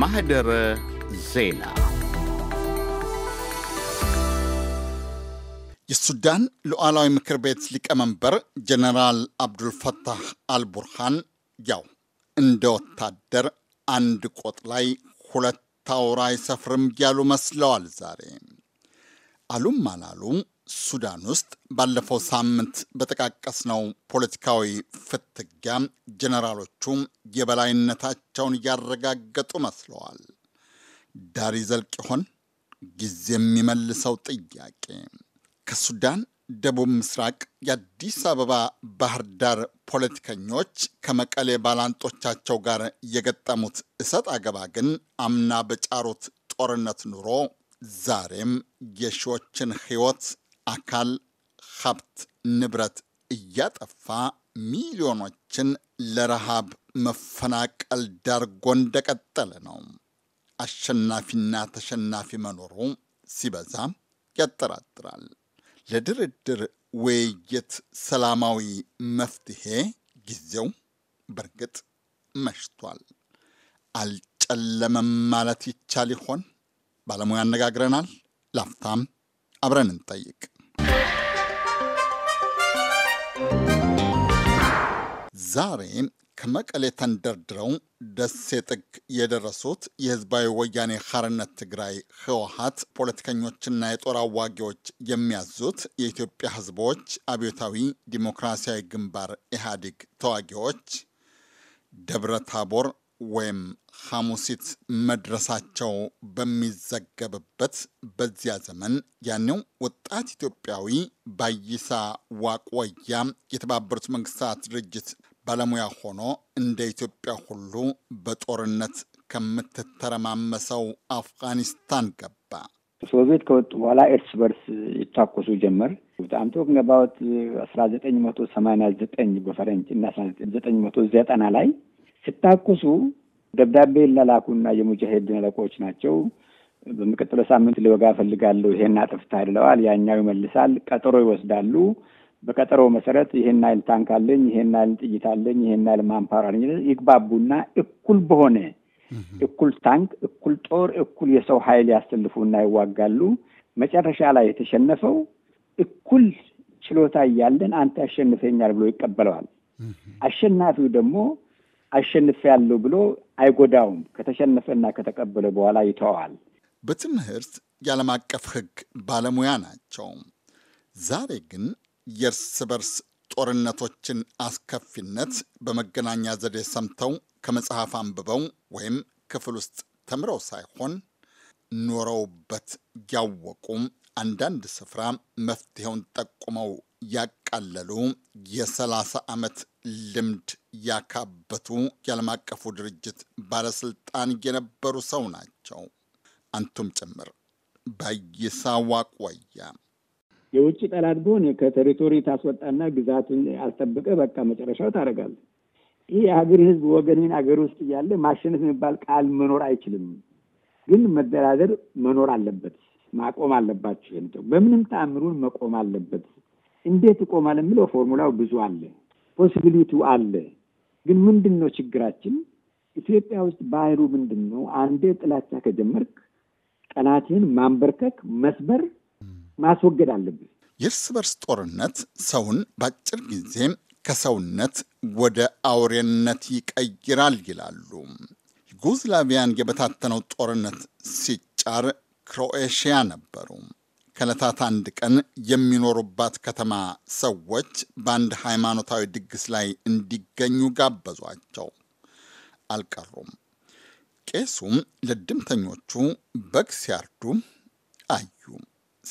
ማህደረ ዜና የሱዳን ሉዓላዊ ምክር ቤት ሊቀመንበር ጀነራል አብዱልፈታህ አልቡርሃን ያው እንደ ወታደር አንድ ቆጥ ላይ ሁለት አውራ አይሰፍርም ያሉ መስለዋል። ዛሬ አሉም አላሉም ሱዳን ውስጥ ባለፈው ሳምንት በጠቃቀስነው ፖለቲካዊ ፍትጊያ ጀኔራሎቹ የበላይነታቸውን እያረጋገጡ መስለዋል። ዳሪ ዘልቅ ይሆን? ጊዜ የሚመልሰው ጥያቄ። ከሱዳን ደቡብ ምስራቅ የአዲስ አበባ ባህር ዳር ፖለቲከኞች ከመቀሌ ባላንጦቻቸው ጋር የገጠሙት እሰጥ አገባ ግን አምና በጫሩት ጦርነት ኑሮ ዛሬም የሺዎችን ሕይወት አካል ሀብት ንብረት እያጠፋ ሚሊዮኖችን ለረሃብ መፈናቀል ዳርጎ እንደቀጠለ ነው። አሸናፊና ተሸናፊ መኖሩ ሲበዛ ያጠራጥራል። ለድርድር፣ ውይይት፣ ሰላማዊ መፍትሄ ጊዜው በእርግጥ መሽቷል። አልጨለመም ማለት ይቻል ይሆን? ባለሙያ አነጋግረናል። ላፍታም አብረን እንጠይቅ። ዛሬ ከመቀሌ ተንደርድረው ደሴ ጥግ የደረሱት የህዝባዊ ወያኔ ሐርነት ትግራይ ህወሀት ፖለቲከኞችና የጦር አዋጊዎች የሚያዙት የኢትዮጵያ ህዝቦች አብዮታዊ ዲሞክራሲያዊ ግንባር ኢህአዴግ ተዋጊዎች ደብረ ታቦር ወይም ሐሙሲት መድረሳቸው በሚዘገብበት በዚያ ዘመን ያኔው ወጣት ኢትዮጵያዊ ባይሳ ዋቆያ የተባበሩት መንግስታት ድርጅት ባለሙያ ሆኖ እንደ ኢትዮጵያ ሁሉ በጦርነት ከምትተረማመሰው አፍጋኒስታን ገባ። ሶቪየት ከወጡ በኋላ እርስ በርስ ይታኮሱ ጀመር። በጣም ቶክ ነባወት አስራ ዘጠኝ መቶ ሰማንያ ዘጠኝ በፈረንጅ እና አስራ ዘጠኝ መቶ ዘጠና ላይ ሲታኩሱ ደብዳቤ ለላኩና የሙጃሄድን አለቆች ናቸው። በሚቀጥለው ሳምንት ሊወጋ እፈልጋለሁ ይሄን አጥፍተሃል ይለዋል። ያኛው ይመልሳል። ቀጠሮ ይወስዳሉ። በቀጠሮ መሰረት ይሄን ያህል ታንክ አለኝ፣ ይሄን ያህል ጥይት አለኝ፣ ይሄን ያህል ማንፓወር አለኝ ይግባቡና እኩል በሆነ እኩል ታንክ፣ እኩል ጦር፣ እኩል የሰው ኃይል ያሰልፉና ይዋጋሉ። መጨረሻ ላይ የተሸነፈው እኩል ችሎታ እያለን አንተ ያሸንፈኛል ብሎ ይቀበለዋል። አሸናፊው ደግሞ አሸንፍ ያለው ብሎ አይጎዳውም። ከተሸነፈና ከተቀበለ በኋላ ይተዋል። በትምህርት የዓለም አቀፍ ሕግ ባለሙያ ናቸው። ዛሬ ግን የእርስ በርስ ጦርነቶችን አስከፊነት በመገናኛ ዘዴ ሰምተው ከመጽሐፍ አንብበው ወይም ክፍል ውስጥ ተምረው ሳይሆን ኖረውበት ያወቁም አንዳንድ ስፍራ መፍትሄውን ጠቁመው ያ። ያቃለሉ የ30 ዓመት ልምድ ያካበቱ የዓለም አቀፉ ድርጅት ባለስልጣን የነበሩ ሰው ናቸው። አንቱም ጭምር ባይሳ ዋቆያ የውጭ ጠላት ቢሆን ከቴሪቶሪ ታስወጣና ግዛትን አስጠብቀ በቃ መጨረሻው ታደርጋለ። ይህ የሀገር ህዝብ ወገንን ሀገር ውስጥ እያለ ማሸነፍ የሚባል ቃል መኖር አይችልም። ግን መደራደር መኖር አለበት። ማቆም አለባቸው። በምንም ተአምሩን መቆም አለበት። እንዴት ይቆማል የምለው ፎርሙላው ብዙ አለ፣ ፖሲቢሊቲው አለ። ግን ምንድን ነው ችግራችን? ኢትዮጵያ ውስጥ ባህሩ ምንድን ነው? አንዴ ጥላቻ ከጀመርክ ጠላትህን ማንበርከክ፣ መስበር፣ ማስወገድ አለብን። የእርስ በርስ ጦርነት ሰውን በአጭር ጊዜ ከሰውነት ወደ አውሬነት ይቀይራል ይላሉ። ዩጎዝላቪያን የበታተነው ጦርነት ሲጫር ክሮኤሽያ ነበሩ። ከለታት አንድ ቀን የሚኖሩባት ከተማ ሰዎች በአንድ ሃይማኖታዊ ድግስ ላይ እንዲገኙ ጋበዟቸው። አልቀሩም። ቄሱም ለድምተኞቹ በግ ሲያርዱ አዩ፣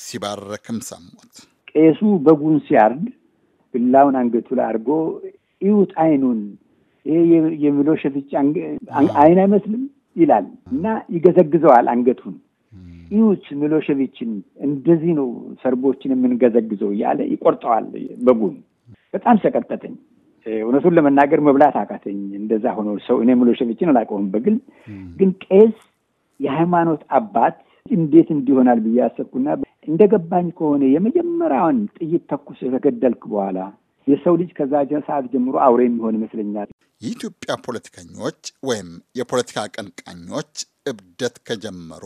ሲባረክም ሰሙት። ቄሱ በጉን ሲያርድ ብላውን አንገቱ ላይ አድርጎ እዩት አይኑን፣ ይሄ የሚለው ሸፍጭ አይን አይመስልም ይላል እና ይገዘግዘዋል አንገቱን ኢዩት ሚሎሸቪችን እንደዚህ ነው ሰርቦችን የምንገዘግዘው እያለ ይቆርጠዋል በጉን። በጣም ሰቀጠጠኝ። እውነቱን ለመናገር መብላት አቃተኝ። እንደዛ ሆኖ ሰው እኔ ሚሎሸቪችን አላቀውም በግል ግን ቄስ፣ የሃይማኖት አባት እንዴት እንዲሆናል ብዬ አሰብኩና እንደገባኝ ከሆነ የመጀመሪያውን ጥይት ተኩስ ከገደልክ በኋላ የሰው ልጅ ከዛ ሰዓት ጀምሮ አውሬ የሚሆን ይመስለኛል። የኢትዮጵያ ፖለቲከኞች ወይም የፖለቲካ አቀንቃኞች እብደት ከጀመሩ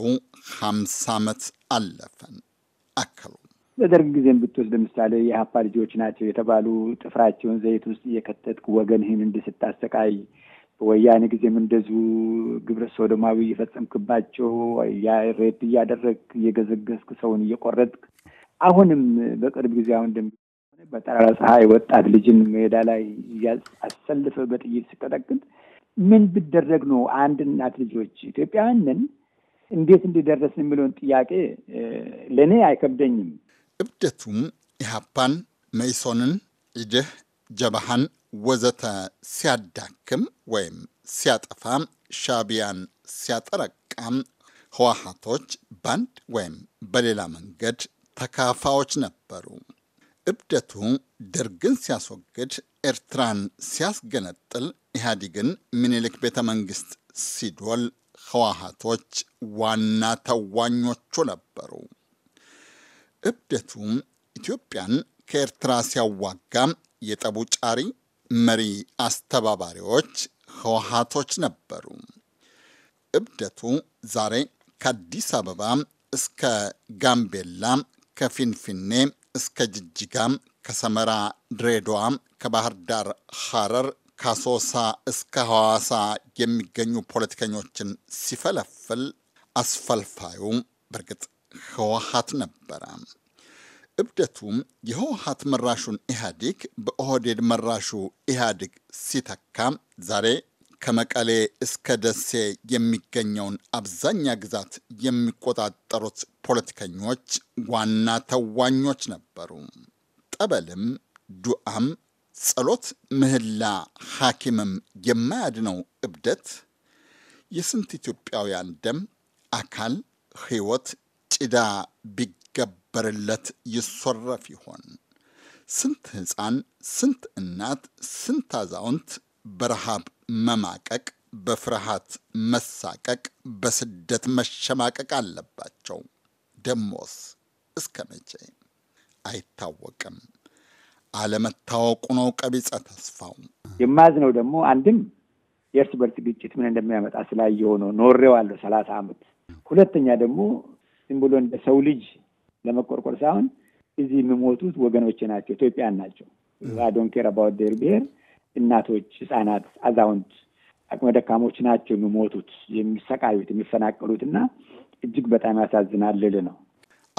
ሀምሳ ዓመት አለፈን አከሉ። በደርግ ጊዜም ብትወስድ ለምሳሌ የሀፓ ልጆች ናቸው የተባሉ ጥፍራቸውን ዘይት ውስጥ እየከተትክ ወገንህን እንድስታሰቃይ በወያኔ ጊዜም እንደዚሁ ግብረ ሶዶማዊ እየፈጸምክባቸው ሬት እያደረግክ እየገዘገዝክ ሰውን እየቆረጥክ አሁንም በቅርብ ጊዜ አሁን ደም በጠራራ ፀሐይ ወጣት ልጅን ሜዳ ላይ አሰልፈ በጥይት ስቀጠቅጥ ምን ብደረግ ነው አንድ እናት ልጆች ኢትዮጵያውያንን እንዴት እንዲደረስን የሚለውን ጥያቄ ለእኔ አይከብደኝም። እብደቱም ኢህአፓን፣ መይሶንን፣ ኢዴህ፣ ጀባሃን ወዘተ ሲያዳክም ወይም ሲያጠፋ፣ ሻቢያን ሲያጠረቃም ህወሀቶች በአንድ ወይም በሌላ መንገድ ተካፋዎች ነበሩ። እብደቱ ደርግን ሲያስወግድ ኤርትራን ሲያስገነጥል ኢህአዲግን ሚኒሊክ ቤተ መንግስት ሲዶል ህወሀቶች ዋና ተዋኞቹ ነበሩ። እብደቱ ኢትዮጵያን ከኤርትራ ሲያዋጋ የጠቡ ጫሪ መሪ አስተባባሪዎች ህወሀቶች ነበሩ። እብደቱ ዛሬ ከአዲስ አበባ እስከ ጋምቤላ ከፊንፊኔ እስከ ጅጅጋም፣ ከሰመራ ድሬዳዋም፣ ከባህር ዳር ሐረር፣ ከሶሳ እስከ ሐዋሳ የሚገኙ ፖለቲከኞችን ሲፈለፍል አስፈልፋዩ በእርግጥ ህወሀት ነበረ። እብደቱም የህወሀት መራሹን ኢህአዴግ በኦህዴድ መራሹ ኢህአዴግ ሲተካ ዛሬ ከመቀሌ እስከ ደሴ የሚገኘውን አብዛኛ ግዛት የሚቆጣጠሩት ፖለቲከኞች ዋና ተዋኞች ነበሩ። ጠበልም፣ ዱዓም፣ ጸሎት፣ ምህላ፣ ሐኪምም የማያድነው እብደት የስንት ኢትዮጵያውያን ደም፣ አካል፣ ሕይወት ጭዳ ቢገበርለት ይሶረፍ ይሆን? ስንት ሕፃን፣ ስንት እናት፣ ስንት አዛውንት በረሃብ መማቀቅ፣ በፍርሃት መሳቀቅ፣ በስደት መሸማቀቅ አለባቸው። ደሞስ እስከ መቼ አይታወቅም። አለመታወቁ ነው ቀቢጸ ተስፋው። የማዝነው ደግሞ አንድም የእርስ በርስ ግጭት ምን እንደሚያመጣ ስላየው ነው። ኖሬዋለሁ ሰላሳ ዓመት። ሁለተኛ ደግሞ ዝም ብሎ እንደ ሰው ልጅ ለመቆርቆር ሳይሆን እዚህ የሚሞቱት ወገኖቼ ናቸው፣ ኢትዮጵያን ናቸው። አዶንኬር አባወደር ብሔር እናቶች፣ ህጻናት፣ አዛውንት፣ አቅመ ደካሞች ናቸው የሚሞቱት፣ የሚሰቃዩት፣ የሚፈናቀሉት እና እጅግ በጣም ያሳዝናል ልል ነው።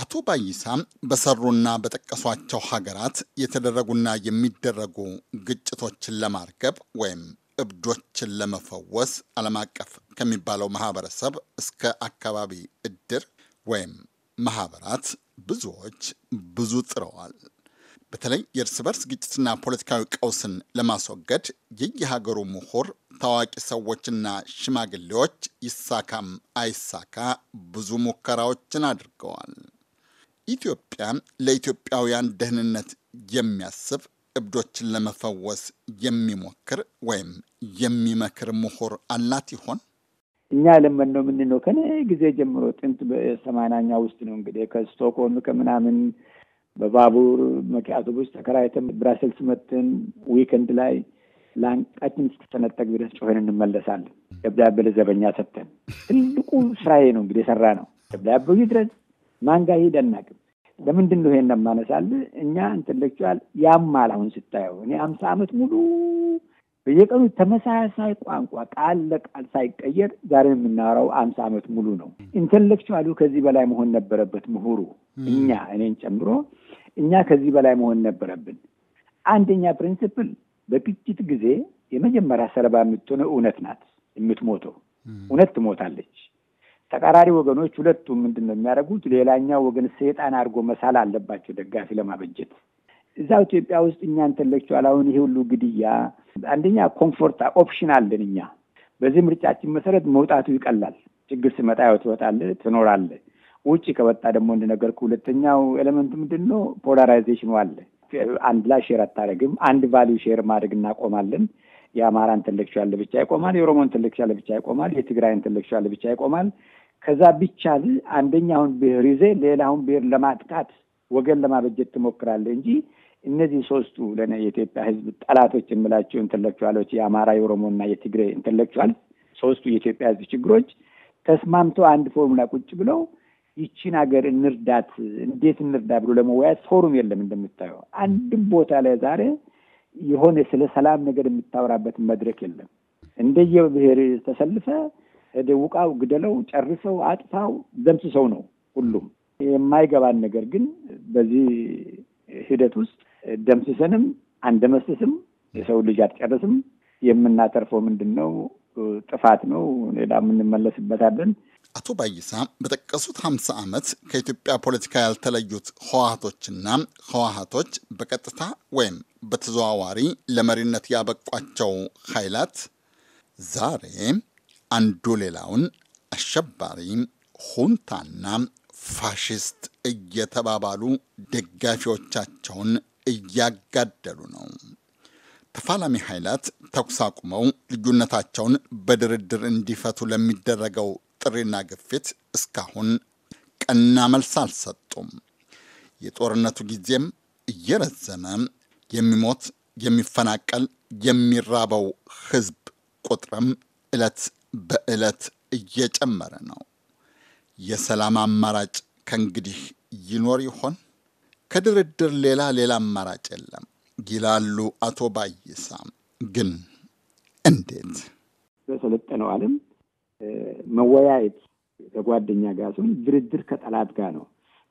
አቶ ባይሳ በሰሩና በጠቀሷቸው ሀገራት የተደረጉና የሚደረጉ ግጭቶችን ለማርገብ ወይም እብዶችን ለመፈወስ ዓለም አቀፍ ከሚባለው ማህበረሰብ እስከ አካባቢ እድር ወይም ማህበራት ብዙዎች ብዙ ጥረዋል። በተለይ የእርስ በርስ ግጭትና ፖለቲካዊ ቀውስን ለማስወገድ የየሀገሩ ምሁር፣ ታዋቂ ሰዎችና ሽማግሌዎች ይሳካም አይሳካ ብዙ ሙከራዎችን አድርገዋል። ኢትዮጵያ ለኢትዮጵያውያን ደህንነት የሚያስብ እብዶችን ለመፈወስ የሚሞክር ወይም የሚመክር ምሁር አላት ይሆን? እኛ ለመን ነው የምንለው ጊዜ ጀምሮ ጥንት በሰማናኛ ውስጥ ነው እንግዲህ ከስቶኮም ከምናምን በባቡር መኪያቶች ተከራይተን ብራሰልስ መጥተን ዊክንድ ላይ ለአንቃችን እስከተነጠቅ ድረስ ጮኸን እንመለሳለን። ደብዳቤ ለዘበኛ ሰጥተን ትልቁ ስራዬ ነው እንግዲህ የሰራ ነው። ደብዳቤው ድረስ ማንጋ ሄደ አናውቅም። ለምንድን ነው ይሄን እናማነሳል? እኛ ኢንተሌክቹዋል ያማል። አሁን ስታየው እኔ አምሳ ዓመት ሙሉ በየቀኑ ተመሳሳይ ቋንቋ ቃል ለቃል ሳይቀየር ዛሬ የምናወራው አምስት ዓመት ሙሉ ነው። ኢንተሌክቹዋሉ ከዚህ በላይ መሆን ነበረበት። ምሁሩ እኛ እኔን ጨምሮ እኛ ከዚህ በላይ መሆን ነበረብን። አንደኛ ፕሪንስፕል በግጭት ጊዜ የመጀመሪያ ሰለባ የምትሆነው እውነት ናት። የምትሞተው እውነት ትሞታለች። ተቃራሪ ወገኖች ሁለቱም ምንድን ነው የሚያደርጉት? ሌላኛው ወገን ሰይጣን አድርጎ መሳል አለባቸው ደጋፊ ለማበጀት እዛው ኢትዮጵያ ውስጥ እኛ ኢንተሌክቹዋል አሁን ይሄ ሁሉ ግድያ አንደኛ ኮምፎርት ኦፕሽን አለን እኛ በዚህ ምርጫችን መሰረት መውጣቱ ይቀላል። ችግር ሲመጣ ያው ትወጣለ ትኖራለ። ውጭ ከወጣ ደግሞ እንደነገርኩ ሁለተኛው ኤሌመንቱ ምንድን ነው? ፖላራይዜሽኑ አለ። አንድ ላይ ሼር አታደረግም። አንድ ቫሊዩ ሼር ማድረግ እናቆማለን። የአማራ ኢንተሌክቹዋል ለብቻ ይቆማል፣ የኦሮሞ ኢንተሌክቹዋል ለብቻ ይቆማል፣ የትግራይ ኢንተሌክቹዋል ለብቻ ይቆማል። ከዛ ቢቻል አንደኛውን ብሔር ይዘህ ሌላውን ብሔር ለማጥቃት ወገን ለማበጀት ትሞክራለህ እንጂ እነዚህ ሶስቱ ለእኔ የኢትዮጵያ ህዝብ ጠላቶች የምላቸው ኢንተሌክቹዋሎች የአማራ የኦሮሞና የትግሬ ኢንተሌክቹዋል ሶስቱ የኢትዮጵያ ህዝብ ችግሮች ተስማምተው አንድ ፎርሙላ ቁጭ ብለው ይቺን ሀገር እንርዳት፣ እንዴት እንርዳ ብሎ ለመወያየት ፎሩም የለም። እንደምታየው አንድም ቦታ ላይ ዛሬ የሆነ ስለ ሰላም ነገር የምታወራበት መድረክ የለም። እንደየ ብሔር ተሰልፈ ደውቃው፣ ግደለው፣ ጨርሰው፣ አጥፋው፣ ዘምስ ነው ሁሉም የማይገባን ነገር ግን በዚህ ሂደት ውስጥ ደምስሰንም አንደመስስም የሰው ልጅ አትጨርስም። የምናተርፈው ምንድን ነው? ጥፋት ነው። ሌላ የምንመለስበታለን። አቶ ባይሳ በጠቀሱት ሀምሳ ዓመት ከኢትዮጵያ ፖለቲካ ያልተለዩት ህወሀቶችና ህወሀቶች በቀጥታ ወይም በተዘዋዋሪ ለመሪነት ያበቋቸው ኃይላት ዛሬ አንዱ ሌላውን አሸባሪ፣ ሁንታና ፋሽስት እየተባባሉ ደጋፊዎቻቸውን እያጋደሉ ነው። ተፋላሚ ኃይላት ተኩስ አቁመው ልዩነታቸውን በድርድር እንዲፈቱ ለሚደረገው ጥሪና ግፊት እስካሁን ቀና መልስ አልሰጡም። የጦርነቱ ጊዜም እየረዘመ የሚሞት የሚፈናቀል፣ የሚራበው ህዝብ ቁጥርም ዕለት በዕለት እየጨመረ ነው። የሰላም አማራጭ ከእንግዲህ ይኖር ይሆን? ከድርድር ሌላ ሌላ አማራጭ የለም ይላሉ አቶ ባይሳ። ግን እንዴት በሰለጠነው ዓለም መወያየት ከጓደኛ ጋር ሲሆን ድርድር ከጠላት ጋር ነው።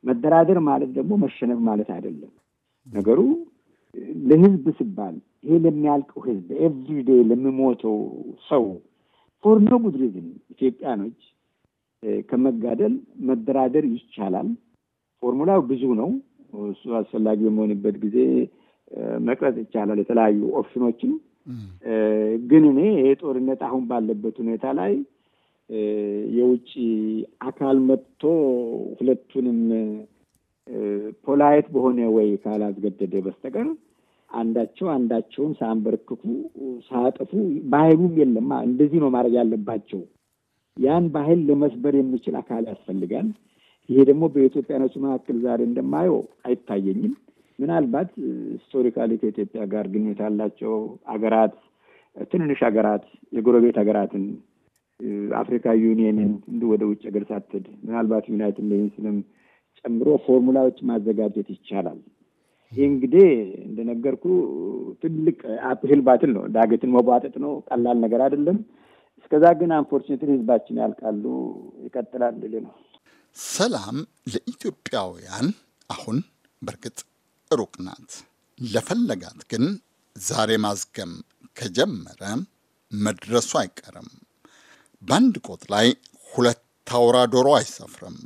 መደራደር ማለት ደግሞ መሸነፍ ማለት አይደለም። ነገሩ ለህዝብ ሲባል ይሄ ለሚያልቀው ህዝብ ኤቭሪዴ ለሚሞተው ሰው ፎር ኖ ጉድ ሪዝን ኢትዮጵያኖች ከመጋደል መደራደር ይቻላል። ፎርሙላው ብዙ ነው። እሱ አስፈላጊ በመሆንበት ጊዜ መቅረጽ ይቻላል የተለያዩ ኦፕሽኖችን። ግን እኔ ይሄ ጦርነት አሁን ባለበት ሁኔታ ላይ የውጭ አካል መጥቶ ሁለቱንም ፖላይት በሆነ ወይ ካላስገደደ በስተቀር አንዳቸው አንዳቸውን ሳንበርክኩ ሳያጥፉ ባህሉም የለማ። እንደዚህ ነው ማድረግ ያለባቸው። ያን ባህል ለመስበር የሚችል አካል ያስፈልጋል። ይሄ ደግሞ በኢትዮጵያኖች መካከል ዛሬ እንደማየው አይታየኝም። ምናልባት ሂስቶሪካሊ ከኢትዮጵያ ጋር ግንኙነት ያላቸው አገራት ትንንሽ ሀገራት የጎረቤት ሀገራትን አፍሪካ ዩኒየንን እንዲ ወደ ውጭ ሀገር ሳትድ ምናልባት ዩናይትድ ኔሽንስንም ጨምሮ ፎርሙላዎች ማዘጋጀት ይቻላል። ይህ እንግዲህ እንደነገርኩ ትልቅ አፕሂል ባትል ነው፣ ዳገትን መቧጠጥ ነው። ቀላል ነገር አይደለም። እስከዛ ግን አንፎርችኔትን ህዝባችን ያልቃሉ ይቀጥላል ልል ነው ሰላም ለኢትዮጵያውያን አሁን በእርግጥ ሩቅ ናት። ለፈለጋት ግን ዛሬ ማዝገም ከጀመረ መድረሱ አይቀርም። በአንድ ቆጥ ላይ ሁለት አውራ ዶሮ አይሰፍርም።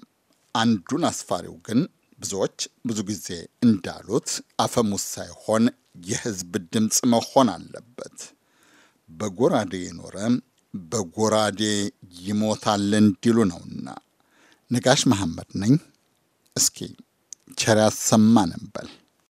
አንዱን አስፋሪው ግን ብዙዎች ብዙ ጊዜ እንዳሉት አፈሙዝ ሳይሆን የሕዝብ ድምፅ መሆን አለበት። በጎራዴ የኖረ በጎራዴ ይሞታል እንዲሉ ነውና። ነጋሽ መሐመድ ነኝ። እስኪ ቸር ያሰማን እንበል።